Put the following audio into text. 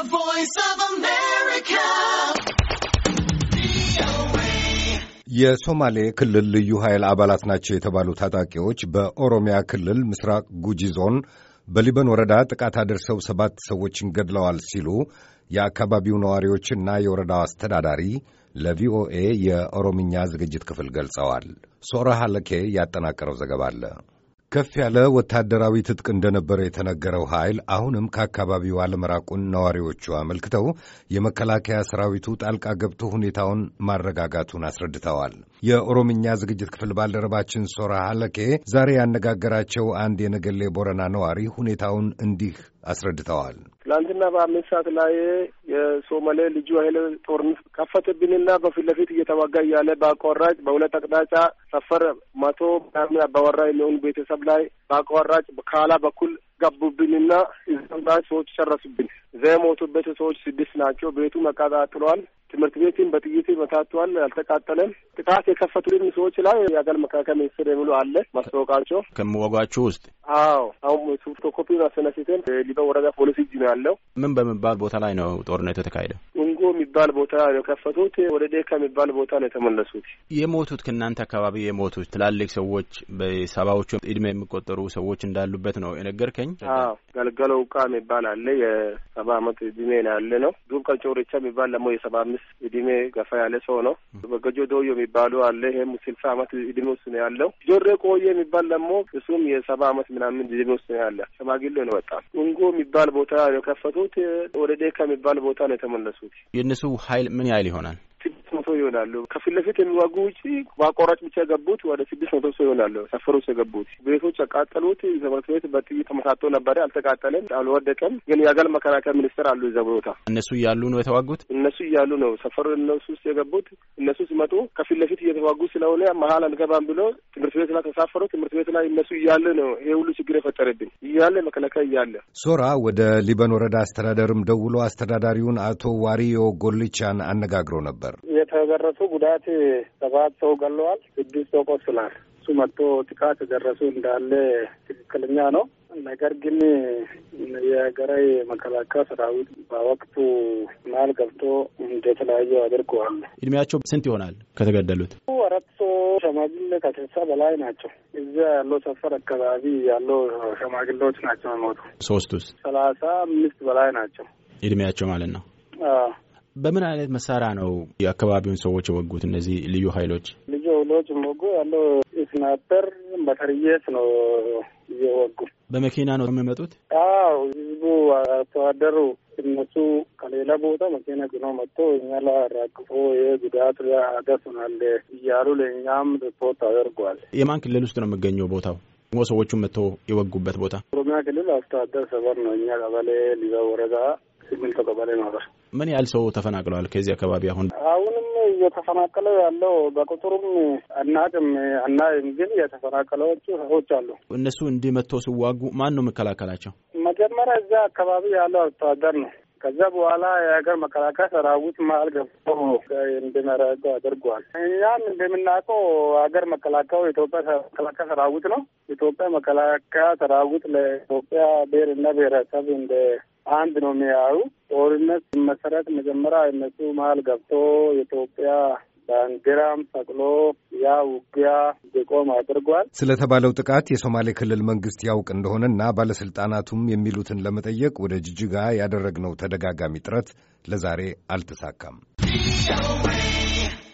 The Voice of America. የሶማሌ ክልል ልዩ ኃይል አባላት ናቸው የተባሉ ታጣቂዎች በኦሮሚያ ክልል ምስራቅ ጉጂ ዞን በሊበን ወረዳ ጥቃት አድርሰው ሰባት ሰዎችን ገድለዋል ሲሉ የአካባቢው ነዋሪዎችና የወረዳው አስተዳዳሪ ለቪኦኤ የኦሮምኛ ዝግጅት ክፍል ገልጸዋል። ሶራ ያጠናቀረው ዘገባ አለ። ከፍ ያለ ወታደራዊ ትጥቅ እንደነበረ የተነገረው ኃይል አሁንም ከአካባቢው አለመራቁን ነዋሪዎቹ አመልክተው የመከላከያ ሰራዊቱ ጣልቃ ገብቶ ሁኔታውን ማረጋጋቱን አስረድተዋል። የኦሮምኛ ዝግጅት ክፍል ባልደረባችን ሶራ ሀለኬ ዛሬ ያነጋገራቸው አንድ የነገሌ ቦረና ነዋሪ ሁኔታውን እንዲህ አስረድተዋል። ትላንትና በአምስት ሰዓት ላይ የሶማሌ ልጁ ኃይል ጦርነት ከፈተብንና በፊት ለፊት እየተዋጋ እያለ በአቋራጭ በሁለት አቅጣጫ ሰፈር መቶ ምናምን አባወራ የሚሆኑ ቤተሰብ ላይ በአቋራጭ ከኋላ በኩል ገቡብንና እዛ ሰዎች ጨረሱብን። እዛ የሞቱበት ሰዎች ስድስት ናቸው። ቤቱ መቃጣጥሏል። ትምህርት ቤትም በጥይት መታቷል። አልተቃጠለም። ጥቃት የከፈቱልን ሰዎች ላይ የአገር መከላከያ ሚኒስትር የሚሉ አለ ማስታወቃቸው ከምወጓችሁ ውስጥ አዎ፣ አሁን ሱፍቶ ኮፒ አስነስተን ሊበን ወረዳ ፖሊስ እጅ ነው ያለው። ምን በመባል ቦታ ላይ ነው ጦርነቱ የተካሄደው? ዳንጎ የሚባል ቦታ ነው የከፈቱት። ወደ ዴካ የሚባል ቦታ ነው የተመለሱት። የሞቱት ከእናንተ አካባቢ የሞቱት ትላልቅ ሰዎች በሰባዎቹ እድሜ የሚቆጠሩ ሰዎች እንዳሉበት ነው የነገርከኝ። ገልገሎ ውቃ የሚባል አለ የሰባ አመት እድሜ ያለ ነው። ዱብ ቀንጮሪቻ የሚባል ደግሞ የሰባ አምስት እድሜ ገፋ ያለ ሰው ነው። በገጆ ዶዮ የሚባሉ አለ ይህም ስልሳ አመት እድሜ ውስጥ ነው ያለው። ጆሬ ቆየ የሚባል ደግሞ እሱም የሰባ አመት ምናምን እድሜ ውስጥ ነው ያለ ሽማግሌ ነው። በጣም ንጎ የሚባል ቦታ ነው የከፈቱት። ወደ ዴካ የሚባል ቦታ ነው የተመለሱት። የእነሱ ኃይል ምን ያህል ይሆናል? ሰው ይሆናሉ። ከፊት ለፊት የሚዋጉ ውጭ በአቋራጭ ብቻ የገቡት ወደ ስድስት መቶ ሰው ይሆናሉ። ሰፈር ውስጥ የገቡት ቤቶች ያቃጠሉት ትምህርት ቤት በጥይት ተመታቶ ነበረ። አልተቃጠለም፣ አልወደቀም። ግን የአገር መከላከያ ሚኒስትር አሉ እዛ ቦታ እነሱ እያሉ ነው የተዋጉት። እነሱ እያሉ ነው ሰፈሩ እነሱ ውስጥ የገቡት። እነሱ ሲመጡ ከፊት ለፊት እየተዋጉ ስለሆነ መሀል አንገባም ብሎ ትምህርት ቤት ላይ ተሳፈሩ። ትምህርት ቤት ላይ እነሱ እያለ ነው ይሄ ሁሉ ችግር የፈጠረብን እያለ መከላከያ እያለ ሶራ ወደ ሊበን ወረዳ አስተዳደርም ደውሎ አስተዳዳሪውን አቶ ዋሪዮ ጎልቻን አነጋግሮ ነበር። የተደረሱ ጉዳት ሰባት ሰው ገለዋል፣ ስድስት ሰው ቆስሏል። እሱ መጥቶ ጥቃት የደረሱ እንዳለ ትክክለኛ ነው። ነገር ግን የገራይ መከላከያ ሰራዊት በወቅቱ ማል ገብቶ እንደተለያዩ አድርገዋል። እድሜያቸው ስንት ይሆናል ከተገደሉት? አራት ሰው ሸማግሌ ከስልሳ በላይ ናቸው። እዚያ ያለው ሰፈር አካባቢ ያለው ሸማግሌዎች ናቸው የሞቱ። ሶስቱስ? ሰላሳ አምስት በላይ ናቸው እድሜያቸው ማለት ነው። በምን አይነት መሳሪያ ነው የአካባቢውን ሰዎች የወጉት? እነዚህ ልዩ ኃይሎች ልዩ ኃይሎች ሞጉ ያለው ስናፐር መትረየስ ነው እየወጉ በመኪና ነው የሚመጡት። አዎ ህዝቡ አርሶ አደሩ እነሱ ከሌላ ቦታ መኪና ግኖ መጥቶ እኛ ላይ አራግፎ ይህ ጉዳት አደርሶናል እያሉ ለእኛም ሪፖርት አደርጓል። የማን ክልል ውስጥ ነው የሚገኘው ቦታው? ሰዎቹ መጥቶ የወጉበት ቦታ ኦሮሚያ ክልል አስተዳደር ሰፈር ነው። እኛ ቀበሌ ሊበ ወረዳ ሲቪል ከቀበሌ ማለት ምን ያህል ሰው ተፈናቅለዋል ከዚህ አካባቢ? አሁን አሁንም እየተፈናቀለ ያለው በቁጥሩም አናቅም አናይም፣ ግን የተፈናቀለዎቹ ሰዎች አሉ። እነሱ እንዲህ መጥተው ሲዋጉ ማን ነው መከላከላቸው? መጀመሪያ እዚያ አካባቢ ያለው አደር ነው ከዛ በኋላ የሀገር መከላከያ ሰራዊት መሀል ገብቶ እንድመረገው አድርጓል። እኛም እንደምናውቀው ሀገር መከላከያው የኢትዮጵያ መከላከያ ሰራዊት ነው። ኢትዮጵያ መከላከያ ሰራዊት ለኢትዮጵያ ብሔርና ብሔረሰብ እንደ አንድ ነው የሚያዩ ጦርነት መሰረት መጀመሪያ እነሱ መሀል ገብቶ የኢትዮጵያ ባንዲራም ሰቅሎ ያ ውጊያ እንዲቆም አድርጓል። ስለተባለው ጥቃት የሶማሌ ክልል መንግስት ያውቅ እንደሆነና ባለስልጣናቱም የሚሉትን ለመጠየቅ ወደ ጅጅጋ ያደረግነው ተደጋጋሚ ጥረት ለዛሬ አልተሳካም።